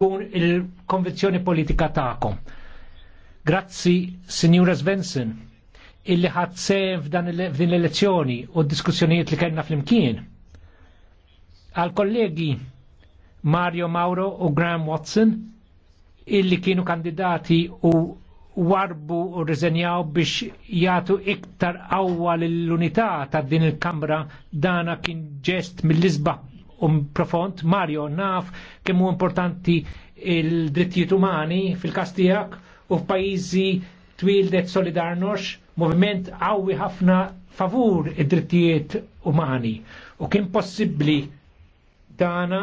kun il-konvenzjoni politika ta'kom. Grazzi, Signora Svensson, illi ħadsev din l-elezzjoni u d-diskussjonijiet li kellna fl-imkien. Għal kollegi Mario Mauro u Graham Watson, illi kienu kandidati u warbu u rizenjaw biex jagħtu iktar qawwa lill-unità ta' din il-Kamra dana kien ġest mill-isba um profond, Mario naf kemm hu importanti il-drittijiet umani fil-kastijak u f'pajjiżi twildet Solidarnox, moviment qawwi ħafna favur id-drittijiet umani. U kien possibbli dana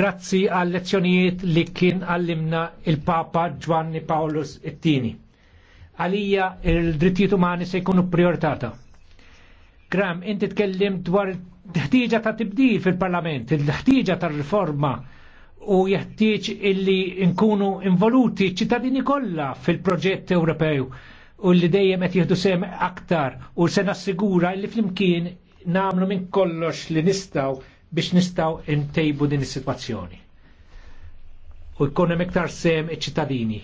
grazzi għal lezzjonijiet li kien għallimna il-Papa Giovanni Paulus II. Għalija il-drittijiet umani se jkunu prioritata. Gram, inti tkellim dwar ħtieġa ta' tibdil fil-parlament, il-ħtieġa ta' riforma u jeħtieġ illi nkunu involuti ċittadini kollha fil-proġett Ewropew u li dejjem qed jieħdu sem aktar u se nassigura li flimkien nagħmlu minn kollox li nistgħu biex nistgħu ntejbu din is-sitwazzjoni. U jkun hemm iktar sem iċ-ċittadini.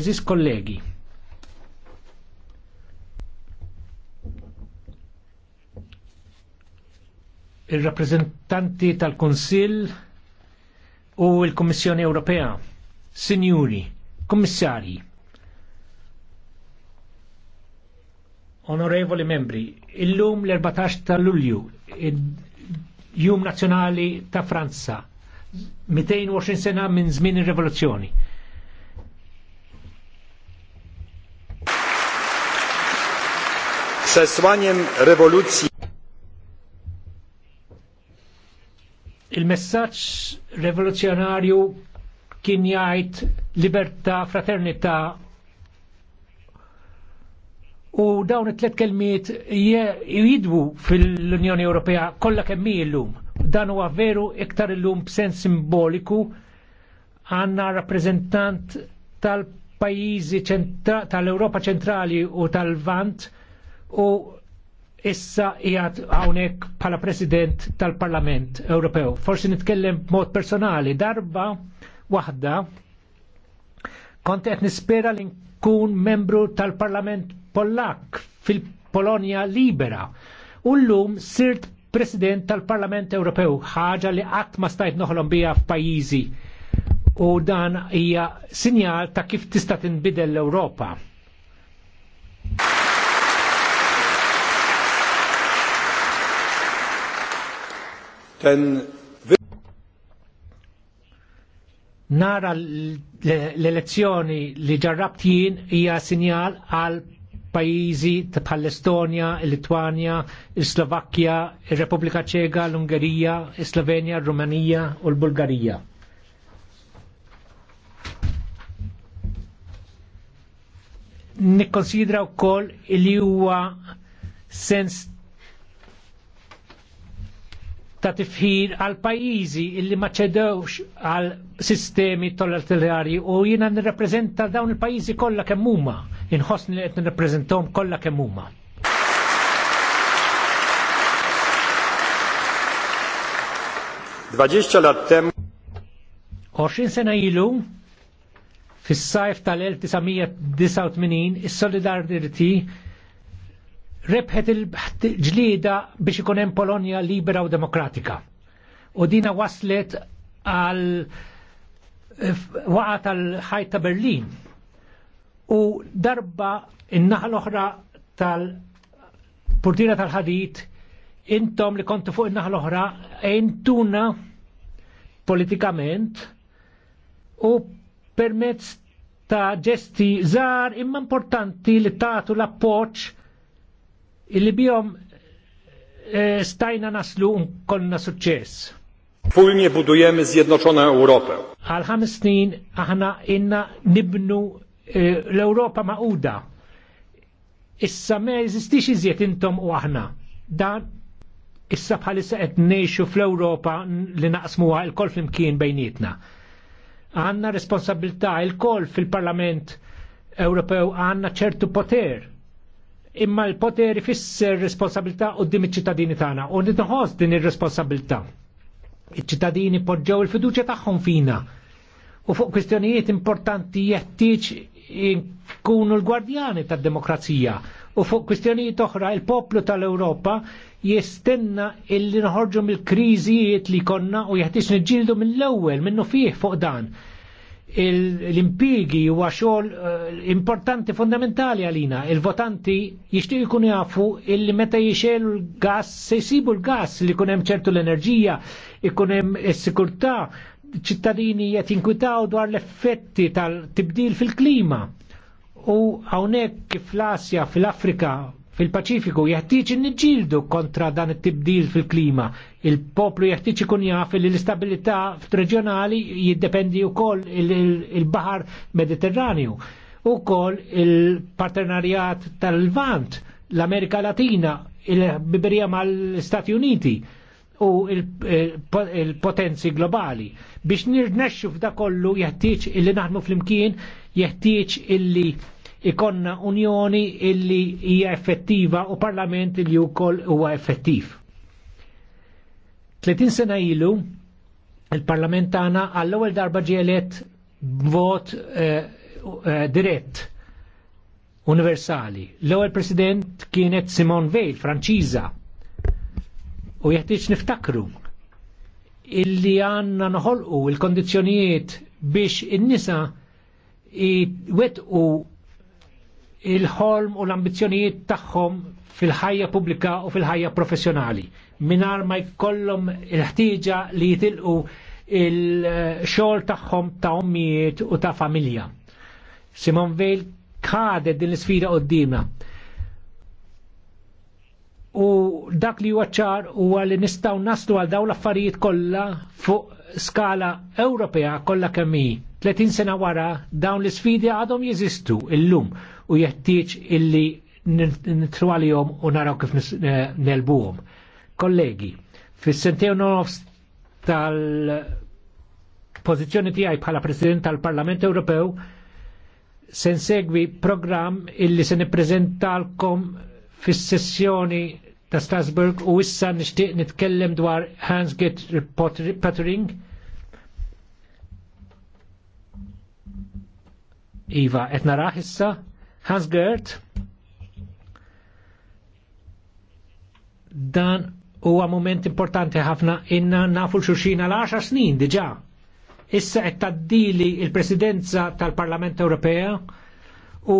Eżis kollegi, il-rappresentanti tal-Konsil u il kommissjoni Ewropea, Sinjuri, Kommissari, Onorevoli membri, il-lum l-14 tal Lulju, il jum Nazjonali ta' Franza, 220 sena minn żmien ir-rivoluzzjoni. Przesłaniem rewolucji messaċ messaġġ revoluzzjonarju kien jgħid libertà, fraternità u dawn it-tlet kelmiet jidwu fil-Unjoni Ewropea kollha kemm hi llum. Dan huwa veru iktar illum b'sens simboliku għandna rappreżentant tal-pajjiżi tal-Ewropa ċentrali u tal-Vant u issa jgħat għawnek pala president tal-Parlament Ewropew. Forsi nitkellem mod personali, darba wahda kont qed nispera li nkun membru tal-Parlament Pollak fil-Polonja Libera. U llum sirt president tal-Parlament Ewropew, ħaġa li qatt ma stajt noħlom bija f'pajjiżi. U dan hija sinjal ta' kif tista' tinbidel l-Ewropa ten Nara l-elezzjoni li ġarrabt jien hija sinjal għal pajjiżi bħall-Estonja, il-Litwanja, il-Slovakkja, il-Repubblika Ċeka, l-Ungerija, il-Slovenja, il-Rumanija u l-Bulgarija. Nikkonsidra wkoll li huwa sens ta' tifħir għal pajizi illi ma ċedewx għal sistemi totalitarji u jina nirrappreżenta dawn il-pajizi kollha kemm huma, inħossni li qed nirrappreżentahom kollha kemm huma. Dwadzieścia lat temu 20 sena ilu fis-sajf tal-1989 is-Solidarity rebħet il-ġlida biex ikonem Polonia libera u demokratika. U dina waslet għal eh, waqat għal ħajta Berlin. U darba in-naħa l-oħra tal-Purtira tal-ħadit intom li kontu fuq in-naħa l-oħra intuna politikament u permezz ta' ġesti żgħar imma importanti li tagħtu l appoċ illi bihom eh, stajna naslu konna suċċess. Fulnie budujemy zjednoczona Europę. Għal ħames snin aħna inna nibnu eh, l-Europa maquda. Issa ma jeżistix iżjed intom u aħna. Dan issa bħalissa qed ngħixu fl-Ewropa li naqsmuha l-kol flimkien bejnietna. Għanna responsabilità l-kol fil-Parlament Ewropew għanna ċertu poter imma l-poteri fisser responsabilità u dim iċ-ċittadini tagħna u nitħoss din ir-responsabilità. Iċ-ċittadini poġġew il-fiduċja tagħhom fina. U fuq kwistjonijiet importanti jeħtieġ jkunu l-gwardjani tad-demokrazija. U fuq kwistjonijiet oħra il-poplu tal-Ewropa jistenna illi nħorġu mill-kriżijiet li konna u jeħtieġ niġġieldu mill-ewwel minnu fih fuq dan l-impigi huwa xogħol eh, importanti fondamentali għalina. Il-votanti jixtiequ jikun jafu illi meta jixel l-gas se jsibu l-gas li jkun hemm ċertu l-enerġija, ikun hemm is ċittadini qed jinkwitaw dwar l-effetti tal-tibdil fil-klima. U hawnhekk kif l-Asja fil-Afrika fil-Paċifiku jeħtieġ inniġġieldu kontra dan it-tibdil fil-klima. Il-poplu jeħtieġ ikun jaf li l-istabilità reġjonali jiddependi wkoll il-Baħar Mediterranju u wkoll il-partenarjat tal-Vant, l-Amerika Latina, il-Biberija mal-Stati Uniti u il-potenzi globali. Biex nirnexxu f'da kollu jeħtieġ illi naħdmu fl-imkien, jeħtieġ illi ikonna unjoni illi hija effettiva u parlament illi wkoll huwa effettiv. 30 sena ilu il-parlament tagħna għall-ewwel darba ġielet vot eh, eh, dirett universali. L-ewwel president kienet Simon Veil, Franċiża. U jeħtieġ niftakru illi għanna noħolqu il-kondizjonijiet biex in-nisa wetqu il-ħolm u l-ambizjonijiet tagħhom fil-ħajja pubblika u fil-ħajja professjonali. Minar ma jkollhom il-ħtieġa li jitilqu il-xogħol tagħhom ta' ommijiet u ta' familja. Simon Veil kadet din l-sfida qoddimna. U dak li huwa ċar huwa li nistgħu naslu għal dawn l-affarijiet kollha fuq skala Ewropea kollha kemm hi. 30 sena wara dawn l-sfidi għadhom jeżistu illum u jeħtieġ illi nitru u naraw kif nelbuhom. Kollegi, fis-sentew nofs tal-pożizzjoni tiegħi bħala President tal-Parlament Ewropew se segwi programm illi se nippreżentalkom fis-sessjoni ta' Strasburg u issa nixtieq nitkellem dwar Hans Git Pattering. Iva, etna raħissa? issa? Hans Gert dan huwa moment importanti ħafna inna nafu xulxina l-10 snin diġa. Issa qed taddili il-Presidenza tal-Parlament Ewropea u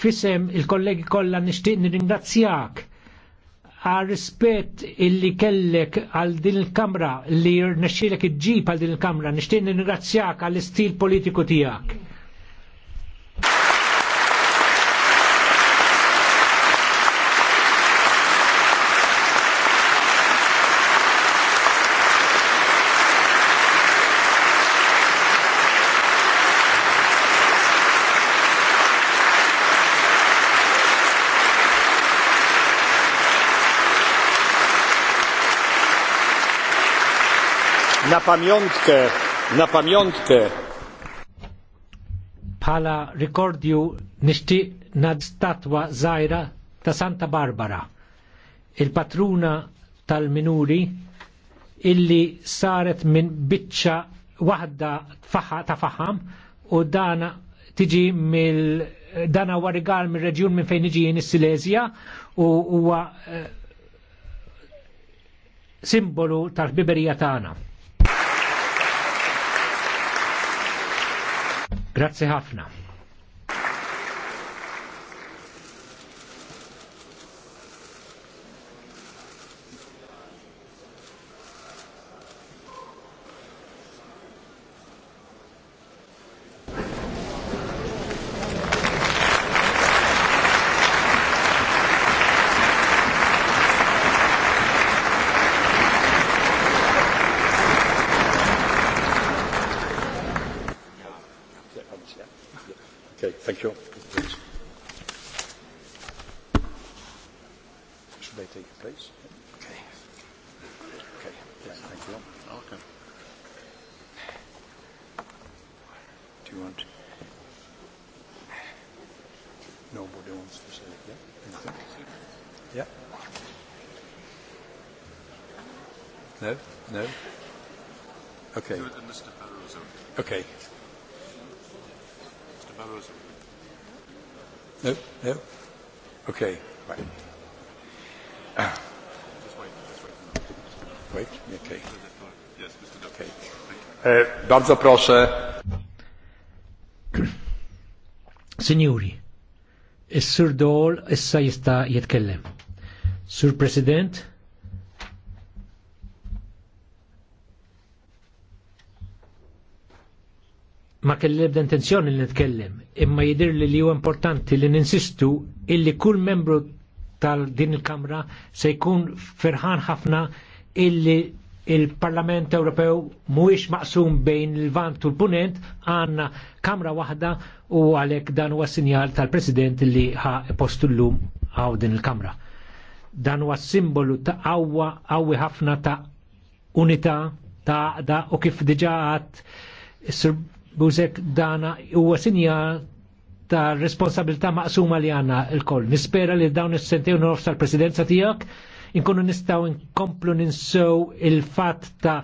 fisem il-kollegi kollha nixtieq nirringrazzjak għal rispett illi kellek għal din il-Kamra li rnexxilek iġġib għal din il-Kamra, nixtieq nirringrazzjak għall istil politiku tiegħek na pamiątkę, na pamiątkę. Pala rikordju nishti nad statwa zaira ta' Santa Barbara, il-patruna tal-minuri illi saret minn bitċa wahda ta' faham u dana tiġi mill dana huwa rigal mir reġjun minn fejn iġi is-Silesja u huwa eh, simbolu tal-ħbiberija tagħna. Grazie ħafna. E, bardzo proszę. Signori, is-Sur Dol issa jista' jitkellem. Sur President, ma kelli ebda intenzjoni li nitkellem, imma jidir li li huwa importanti li ninsistu illi kull membru tal din il-Kamra se jkun ferħan ħafna illi il-Parlament Ewropew mhuwiex maqsum bejn il-vant u l-punent għandna kamra waħda u għalhekk dan huwa sinjal tal-President li ħa postu llum għaw din il-kamra. Dan huwa simbolu ta' qawwa qawwi ħafna ta' unità ta' għaqda u kif diġà għat Sir Buzek dana huwa sinjal ta' responsabilità maqsuma li għanna il-koll. Nispera li dawn is-sentejn nofs tal-presidenza tiegħek inkunu nistaw inkomplu ninsew il-fat ta'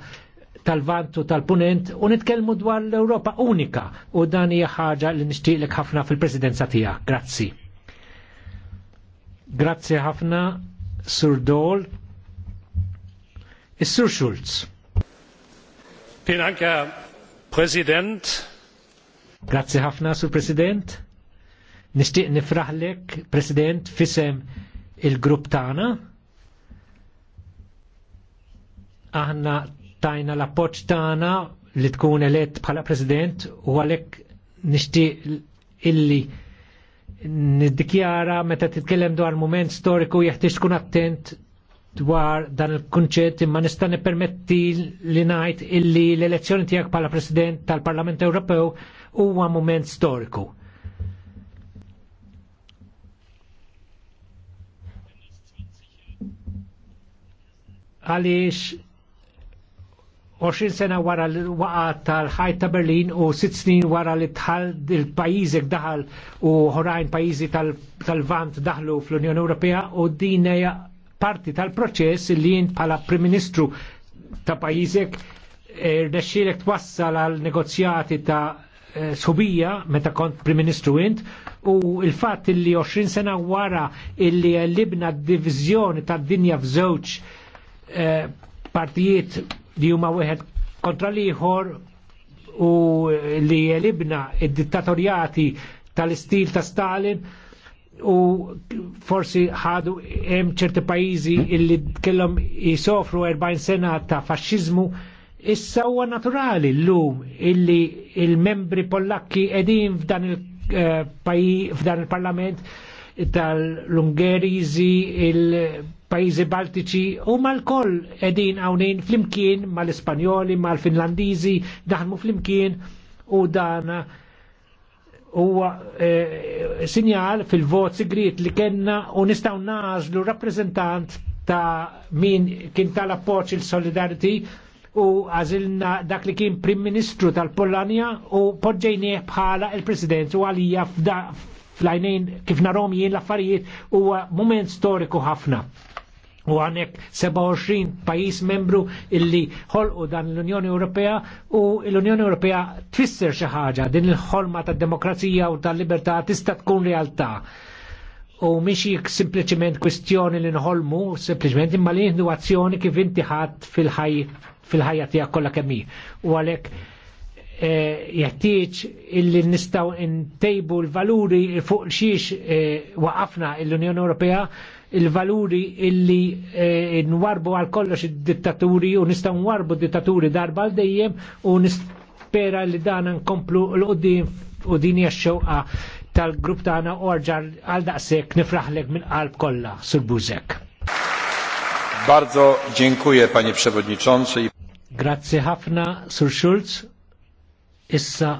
tal-vantu tal-punent u nitkellmu dwar l-Europa unika u dan hija ħaġa li nixtieqlek ħafna fil-presidenza tiegħek. Grazzi. Grazzi ħafna, Sur Dol. Is-Sur Schulz. Vielen Dank, Grazzi ħafna, Sur President. Nixtieq nifraħlek, President, fisem il-grupp tagħna aħna tajna l-appoġġ tagħna li tkun elett bħala president u għalhekk nixtieq illi niddikjara meta titkellem dwar moment storiku jeħtieġ tkun attent dwar dan il-kunċett imma nista' nippermetti li ngħid illi l-elezzjoni tiegħek bħala President tal-Parlament Ewropew huwa mument storiku. Għaliex 20 sena wara l-waqat tal-ħajt ta' Berlin u 6 snin wara li tħal il-pajizek daħal u ħorajn pajizi tal-vant daħlu fl-Unjoni Ewropea u din hija parti tal-proċess li jint bħala Prim Ministru ta' pajizek eh, rnexxielek twassal għal negozjati ta' eh, subija meta kont Prim Ministru int u il-fatt li 20 sena wara illi libna d-divizjoni tad dinja f'żewġ eh, partijiet li huma wieħed kontra liħor u li jelibna id-dittatorjati tal-istil ta' Stalin u forsi ħadu hemm ċerti pajjiżi illi kellhom jisofru 40 sena ta' faxxiżmu issa huwa naturali llum illi il-membri Pollakki qegħdin f'dan eh, il-parlament tal-Ungeriżi il f'dan il pajizi baltiċi u mal-koll edin għawnin fl-imkien mal-Ispanjoli, mal-Finlandizi, daħmu fl-imkien u dan u e, eh, sinjal fil-vot sigrit li kena u nistaw nażlu rappresentant ta' min kien tal-appoċ il-Solidarity u għazilna dak li kien Prim Ministru tal-Polonja u podġejni bħala il-President u għalija f'da flajnejn kif narom jien l-affarijiet huwa moment storiku ħafna u għanek 27 pajis membru illi ħolqu dan l-Unjoni Ewropea u l-Unjoni Ewropea tfisser xi ħaġa din il-ħolma tad demokrazija u tal-libertà tista' tkun realtà. U mhix sempliċement kwistjoni li nħolmu, sempliċement imma li nieħdu azzjoni kif inti ħadd fil-ħajja tiegħek kollha kemm hi. U għalhekk eh, jeħtieġ illi nistgħu ntejbu l-valuri fuq xiex eh, waqafna l-Unjoni Ewropea il-valuri illi eh, nwarbu għal kollox id-dittaturi u nistgħu nwarbu dittaturi darba għal dejjem u nispera li dan nkomplu l qoddim u dini għax-xewqa tal-grupp tagħna għarġar għal daqshekk nifraħlek minn qalb kollha sur Buzek. Bardzo dziękuję panie przewodniczący. Grazzi ħafna sur Schulz. Issa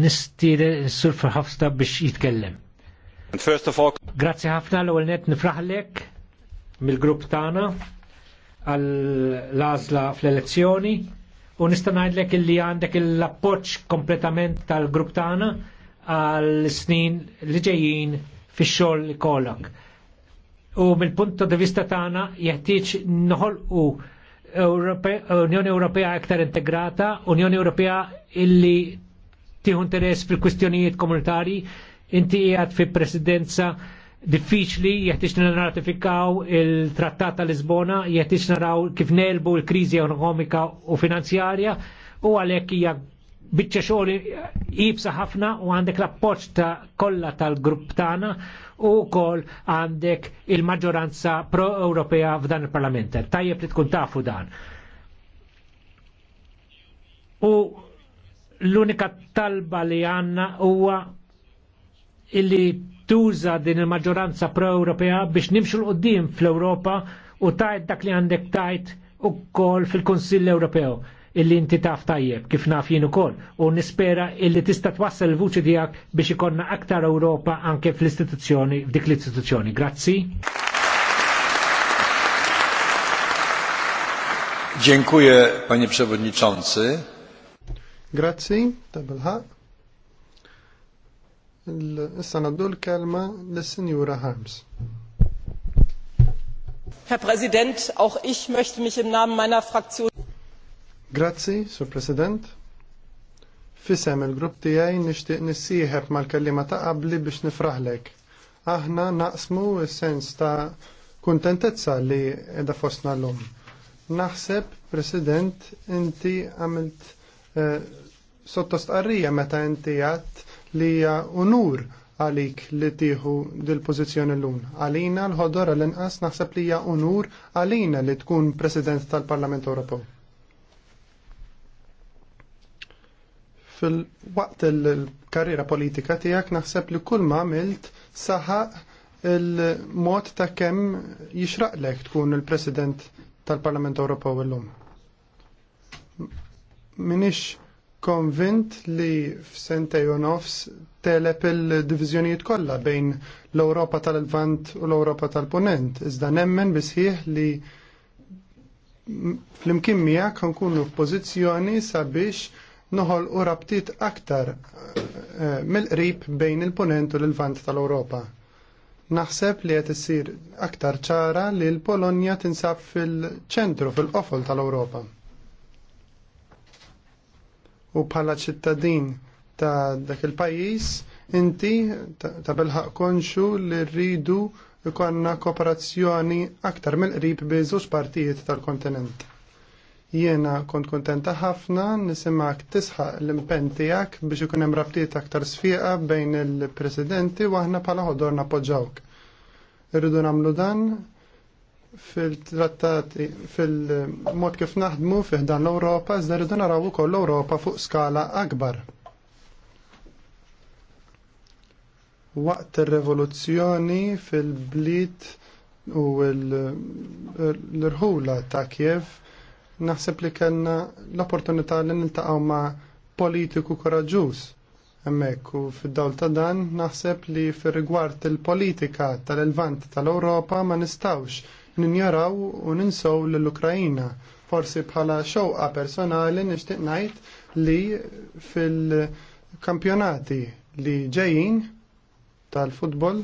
nistire sur Verhofstadt biex jitkellem. Grazzi ħafna l-ewwel net nifraħlek mill-grupp tagħna għall-għażla fl-elezzjoni u nista' ngħidlek illi għandek l-appoġġ kompletament tal-grupp tagħna għal snin li ġejjin fix-xogħol li kollok. U mill-punt di vista tagħna jeħtieġ noħolqu Unjoni Ewropea aktar integrata, Unjoni Ewropea illi tieħu interess fil-kwistjonijiet komunitarji Inti għad fi presidenza diffiċli jeħtieġ nirratifikaw il-Trattat ta' Lisbona, jeħtiex naraw kif nelbu l-kriżi ekonomika u finanzjarja u għalhekk hija biċċa xogħol jibsa ħafna u għandek la poċta kollha tal-grupp tagħna u wkoll għandek il-maġġoranza pro-Ewropea f'dan il-Parlament. Tajjeb li tkun tafu dan. U l-unika talba li għandna huwa illi tuża din il-maġġoranza pro-Ewropea biex nimxu l-qoddim fl-Ewropa u tajt dak li għandek tajt u kol fil-Konsill Ewropew illi inti taf tajjeb kif naf jienu kol u nispera illi tista' twassal il-vuċi tiegħek biex ikonna aktar Ewropa anke fl-istituzzjoni f'dik l-istituzzjoni. Grazzi. Dziękuję panie przewodniczący. Grazzi, tabelħaq. Herr Präsident, auch ich möchte mich im Namen meiner Fraktion Grazzi, Sur President. Fisem il-grupp tiegħi nixtieq nissieħeb mal-kellima ta' qabli biex nifraħlek. Aħna naqsmu il sens ta' kuntentezza li edha fostna l-lum. Naħseb, President, inti għamilt eh, sottostqarrija meta inti għat li hija unur għalik li tieħu dil-pożizzjoni llum. Għalina l-ħodor l inqas naħseb li hija unur għalina li tkun President tal-Parlament Ewropew. fil-waqt il-karriera politika tijak naħseb li kull ma għamilt saħaq il-mod ta' kem jixraqlek tkun il-President tal-Parlament Ewropew illum. Minix konvint li f'sentej u nofs telep il divizjoniet kollha bejn l-Ewropa tal-Lvant u l-Ewropa tal-Ponent. Iżda nemmen bisħieħ li fl-imkien miegħek nkunu f'pożizzjoni sabiex noħol u rabtiet aktar eh, mill-qrib bejn il-Ponent u l-Lvant tal-Ewropa. Naħseb li qed issir aktar ċara li l-Polonja tinsab fil-ċentru fil-qofol tal-Ewropa u bħala ċittadin ta' dak il-pajjiż inti ta' belħaq konxu li rridu ikonna kooperazzjoni aktar mill-qrib bi żewġ partijiet tal-kontinent. Jiena kont kontenta ħafna nisimak tisħaq l-impenn tiegħek biex ikun hemm rabtiet aktar sfiqa bejn il-presidenti u aħna bħala ħodorna poġġawk. Irridu nagħmlu dan fil-trattati, fil-mod kif naħdmu fih dan l-Europa, iżda rridu naraw ukoll l-Europa fuq skala akbar. Waqt ir-revoluzzjoni fil-bliet u l-irħula ta' Kiev, naħseb li kellna l-opportunità li niltaqgħu ma' politiku koraġuż. Hemmhekk u fid-dawl ta' dan naħseb li fir rigward il-politika tal-Elvant tal-Ewropa ma nistawx ninjaraw u ninsow l-Ukrajina. Forsi bħala xewqa personali nixtieq ngħid li fil-kampjonati li ġejjin tal-futbol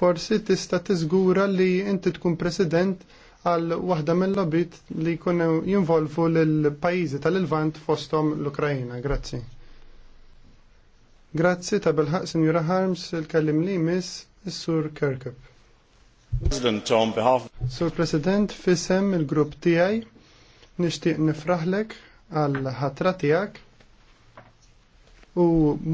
forsi tista' tiżgura li inti tkun president għal waħda mill-lobit li jkunu jinvolvu l-pajizi tal-Ilvant fostom l-Ukrajina. Grazzi. Grazzi ta' bilħaq, Harms, il kallim li miss, il-Sur Kirkup. Sur President, fissem il-grupp tiegħi nixtieq nifraħlek għal ħatra tiegħek u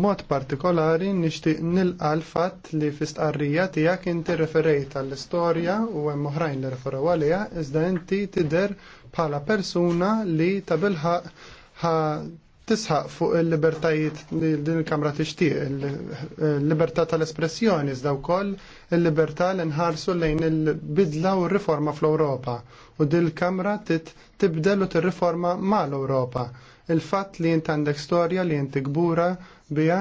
mod partikolari nixtieq nil l-fatt li fistqarrija tiegħek inti referejt għall istorja u hemm oħrajn li referaw għaliha iżda inti tidher bħala persuna li tabilħa tisħaq fuq il-libertajiet li din il-Kamra tixtieq, il-libertà tal-espressjoni iżda wkoll il-libertà li nħarsu lejn il-bidla u r-riforma fl-Ewropa u din il-Kamra tit tibdel u tir-riforma mal-Ewropa. Il-fatt li jint għandek storja li jint gbura biha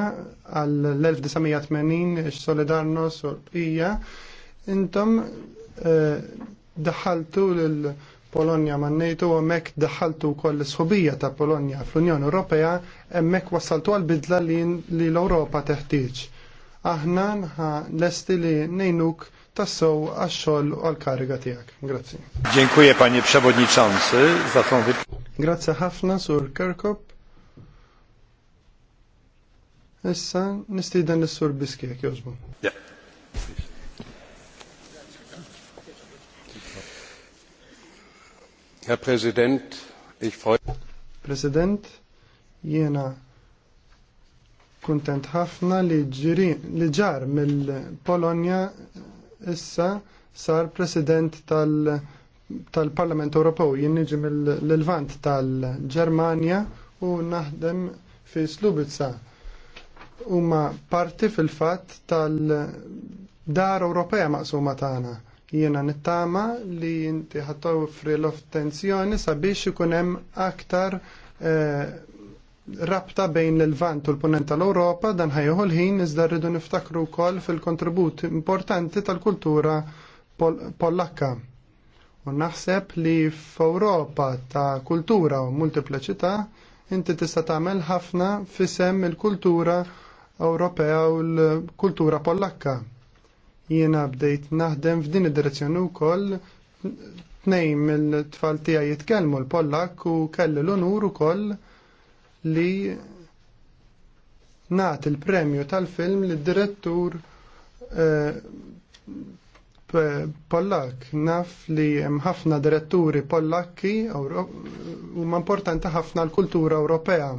għall-1980 x-Solidarnos u l-bqija, intom eh, daħaltu l- Polonja man nejtu hemmhekk daħħaltu wkoll l-sħubija ta' Polonja fl-Unjoni Ewropea hemmhekk wasaltu għal bidla li l-Ewropa teħtieġ. Aħna lesti li nejnuk tassow għax-xogħol u għall-kariga tiegħek. Grazie. Dziękuję panie przewodniczący za tą Grazzi ħafna sur Kerkop. Issa nistieden l-sur Biskek jożbu. Yeah. Herr Präsident, ich freue President, jiena kuntent ħafna li ġiri li ġar mill-Polonja issa sar President tal- tal-Parlament Ewropew jien niġi mill-Levant tal-Ġermanja u naħdem fi Slubica. Huma parti fil-fatt tal-dar Ewropea maqsuma tagħna. Jiena nittama li inti ħatofri fri l-oftenzjoni sabiex ikun hemm aktar eh, rabta bejn l vant u l-Punent tal europa dan ħajħu l-ħin iżda rridu niftakru wkoll fil-kontribut importanti tal-kultura Pollakka. U naħseb li f'Ewropa ta' kultura u multipleċità inti tista' tagħmel ħafna fisem il-kultura Ewropea u l-kultura Pollakka jiena bdejt naħdem f'din id-direzzjoni wkoll tnejn mill-tfal tiegħi jitkellmu l-Pollak u kelli l-onur ukoll li nagħti il-premju tal-film lid direttur eh, Pollak, naf li hemm ħafna diretturi Pollakki huma importanti ħafna l-kultura Ewropea.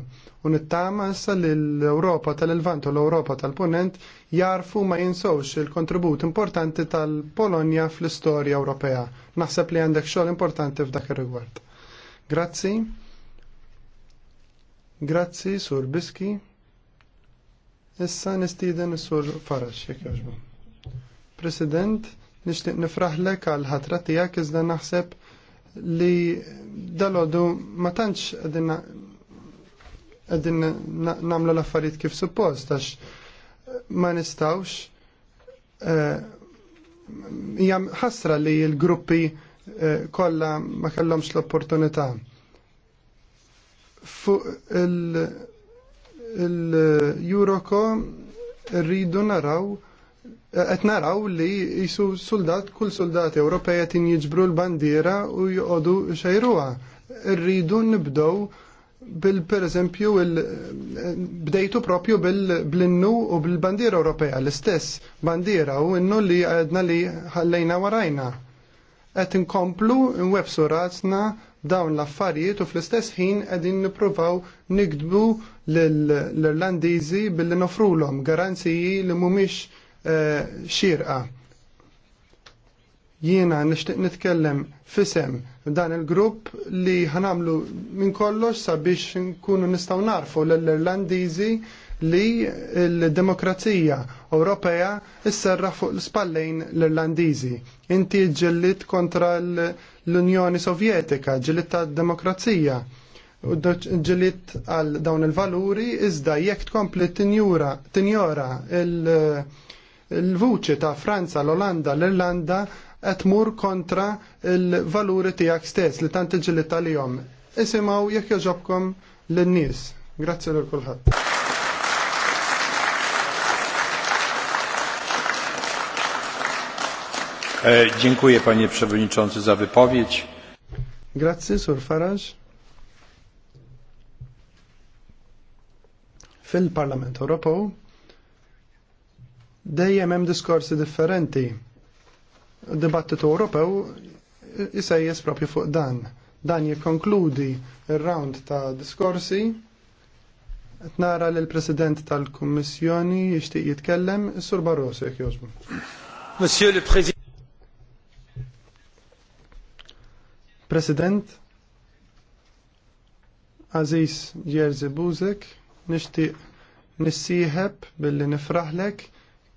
U nittama issa li l-Ewropa tal-Levant u l-Ewropa tal-Punent jarfu ma jinsowx il-kontribut importanti tal-Polonja fl-istorja Ewropea. Naħseb li għandek xogħol importanti f'dak ir-rigward. Grazzi. Grazzi, Sur Biski. Issa nistiden is-Sur Farax, jekk President, nixtieq nifraħlek għal ħatra tiegħek iżda naħseb li dalodu ma tantx qegħdin nagħmlu l-affarijiet kif suppost għax ma nistawx eh, hija ħasra li l-gruppi eh, kollha ma kellhomx l-opportunità. Fuq il-Euroco rridu naraw qed naraw li jisu soldat kull soldat Ewropej tin jiġbru l-bandiera u jqodu xejruha. Rridu nibdew bil pereżempju bdejtu propju bil-innu u bil-bandiera Ewropea l-istess bandiera u innu li għedna li ħallejna warajna. Qed inkomplu nwebsu razna dawn l-affarijiet u fl-istess ħin qegħdin nippruvaw nikdbu l-Irlandiżi billi nofrulhom garanziji li mhumiex xirqa. Jiena nixtieq nitkellem fisem dan il-grupp li ħanamlu minn kollox sabiex nkunu nistgħu narfu l-Irlandiżi li l-demokrazija Ewropea s-serra fuq l-spallejn l-Irlandiżi. Inti ġellit kontra l-Unjoni Sovjetika, ġellit ta' demokrazija. U ġellit għal dawn il-valuri iżda jekk tkompli tinjora il- il-vuċi ta' Franza, l-Olanda, l-Irlanda qed mur kontra il-valuri tiegħek stess li tant iġili tal-jom. Isimaw jekk joġobkom l nies Grazzi l kulħadd. E, dziękuję panie przewodniczący za wypowiedź. Grazie, sur Farage. Fil-Parlament Ewropew dejjem hemm diskorsi differenti. Dibattitu Ewropew isejjes propju fuq dan. Dan jikkonkludi ir-round ta' diskorsi. Tnara nara l president tal-Kummissjoni jixtieq jitkellem, sur Barroso jekk jogħġbu. Monsieur le Président. President Aziz Jerzy Buzek, nixtieq nissieħeb billi nifraħlek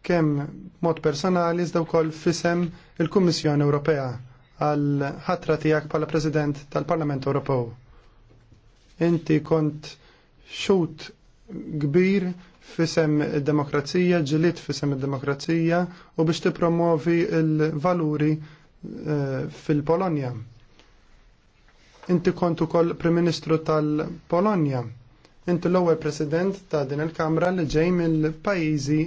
kemm mod personali iżda wkoll fisem il-Kummissjoni Ewropea għal ħatra tiegħek bħala President tal-Parlament Ewropew. Inti kont xut kbir fisem id-demokrazija, ġilit fisem id-demokrazija u biex tipromovi il-valuri eh, fil-Polonja. Inti kontu kol Prim Ministru tal-Polonja Intu l-ewwel President ta' din il-Kamra li ġej mill-pajjiżi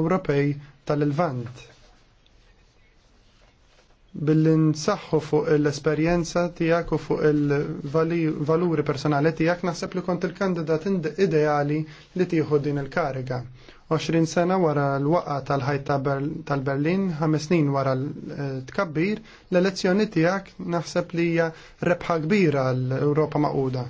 Ewropej tal-Lvant. Billi nsaħħu fuq l-esperjenza tiegħek u fuq il-valuri personali tiegħek naħseb li kont il-kandidat ideali li tieħu din il-kariga. 20 sena wara l-waqa tal-ħajt tal-Berlin, 5 snin wara l-tkabbir, l-elezzjoni tiegħek naħseb li hija rebħa kbira l ewropa maquda.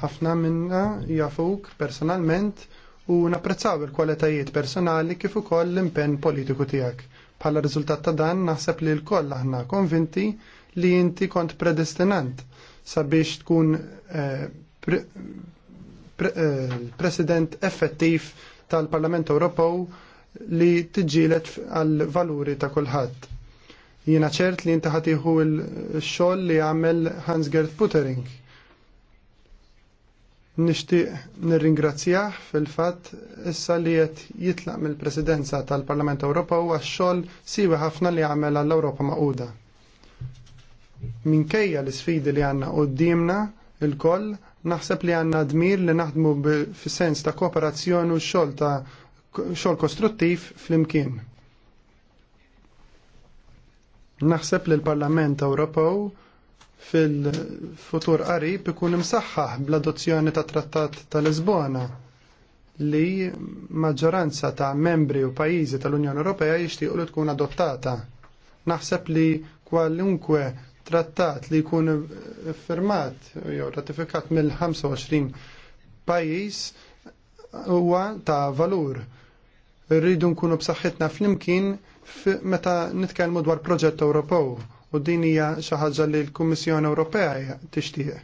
Ħafna minna jafuk personalment u napprezzaw il-kwalitajiet personali kif ukoll l-impenn politiku tiegħek. Bħala riżultat ta' dan naħseb li l-koll aħna konvinti li inti kont predestinant sabiex tkun eh, eh, president effettiv tal-Parlament Ewropew li tiġġielet għal valuri ta' kulħadd. Jiena ċert li inti ħatiħu l-xogħol li għamel Hans-Gerd Puttering Nixtieq nirringrazzjah fil-fatt issa li qed jitlaq mill-Presidenza tal-Parlament Ewropew għax-xogħol siwi ħafna li għamel għall-Ewropa Maquda. Minkejja l-isfidi li għandna qudiemna il-koll, naħseb li għandna dmir li naħdmu fis-sens ta' kooperazzjoni u xogħol ta' xogħol kostruttiv flimkien. Naħseb li l-Parlament Ewropew fil-futur qarib ikun imsaħħaħ bl-adozzjoni ta' Trattat ta' Lisbona li maġġoranza ta' membri u pajjiżi tal-Unjoni Ewropea jixtiequ li tkun adottata. Naħseb li kwalunkwe trattat li jkun firmat jew ratifikat mill-25 pajjiż huwa ta' valur. Rridu nkunu b'saħħitna flimkien meta nitkellmu dwar proġett Ewropew u din hija xi ħaġa li l-Kummissjoni Ewropea tixtieq.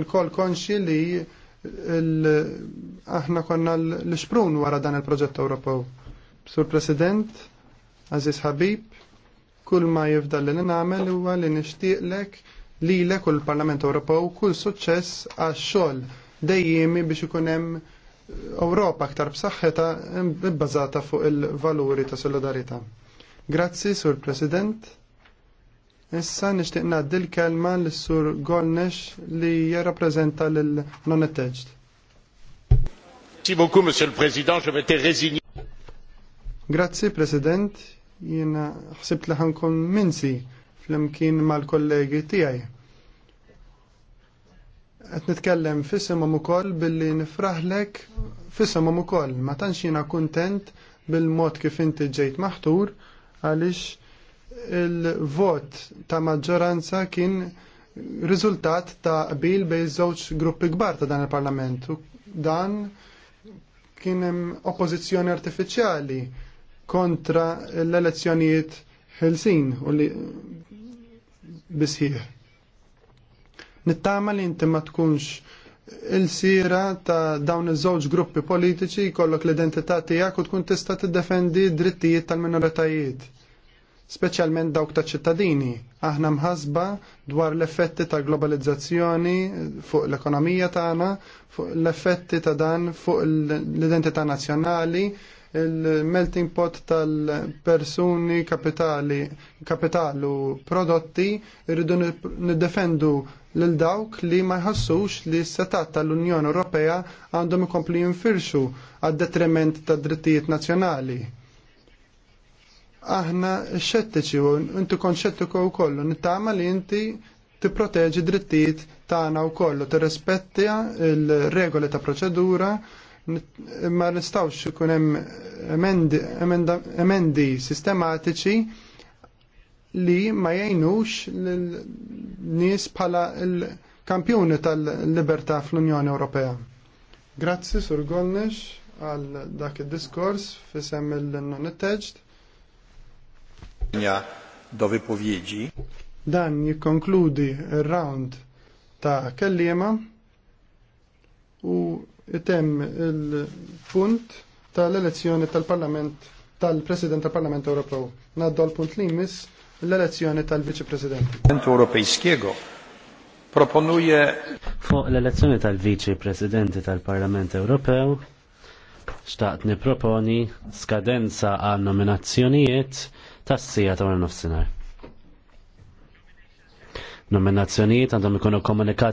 Il-kol konxi li aħna konna l-xprun wara dan il-proġett Ewropew. Sur President, Aziz Habib, kull ma jifdal li nagħmel huwa li nixtieqlek lilek u l-Parlament Ewropew kull suċċess għax xogħol dejjemi biex ikun hemm Ewropa aktar b'saħħetha bbażata fuq il-valuri ta' solidarità. Grazzi, Sur President. Issa nixtieq ngħaddi l-kelma lis-Sur Golnex li jirrappreżenta lil non attached. Merci beaucoup, Monsieur le Président. Je m'étais résigné. Grazie, President. Jiena ħsibt li ħankun minsi fl-imkien mal-kollegi tiegħi. Qed nitkellem f'isimhom ukoll billi nifraħlek f'isimhom ukoll. Ma tantx jiena kuntent bil-mod kif inti ġejt maħtur għaliex il-vot ta' maġġoranza kien riżultat ta' qbil bej żewġ gruppi kbar ta' dan il-Parlament. Dan kien hemm oppożizzjoni artifiċjali kontra l-elezzjonijiet ħelsin u li bisħieħ. Nittama li inti ma tkunx il-sira ta' dawn iż-żewġ gruppi politiċi jkollok l-identità tiegħek u tkun tista' tiddefendi d-drittijiet tal-minoritajiet speċjalment dawk ta' ċittadini. Aħna mħasba dwar l-effetti ta' globalizzazzjoni fuq l-ekonomija tagħna, fuq l-effetti ta' dan fuq l-identità nazzjonali, il-melting pot tal-persuni, kapitali, kapitalu, prodotti, irridu niddefendu lil dawk li ma jħassux li s-setat tal-Unjoni Ewropea għandhom ikomplu jinfirxu għad detriment tad drittijiet nazzjonali aħna xettiċi u inti kon xettiku u kollu, nittama li inti proteġi drittijiet tagħna u kollu, rispettija il-regoli ta' proċedura, ma nistawx ikun hemm emendi, sistematiċi li ma jgħinux l-nies bħala l tal-libertà fl-Unjoni Ewropea. Grazzi, Sur Gonnex, għal dak id-diskors fisem il non do wypowiedzi. Dan jikkonkludi il round ta' kellima u jitem il-punt tal-elezzjoni tal-Parlament tal-President tal-Parlament Ewropew. Naddu l punt li jmiss l-elezzjoni tal-Viċi-President. Parlament Ewropejskiego proponuje fuq l-elezzjoni viċi president tal-Parlament Ewropew xtaqt niproponi skadenza għal nominazzjonijiet Tassija ta' wara nofsinhar. Nominazzjonijiet għandhom ikunu komunikati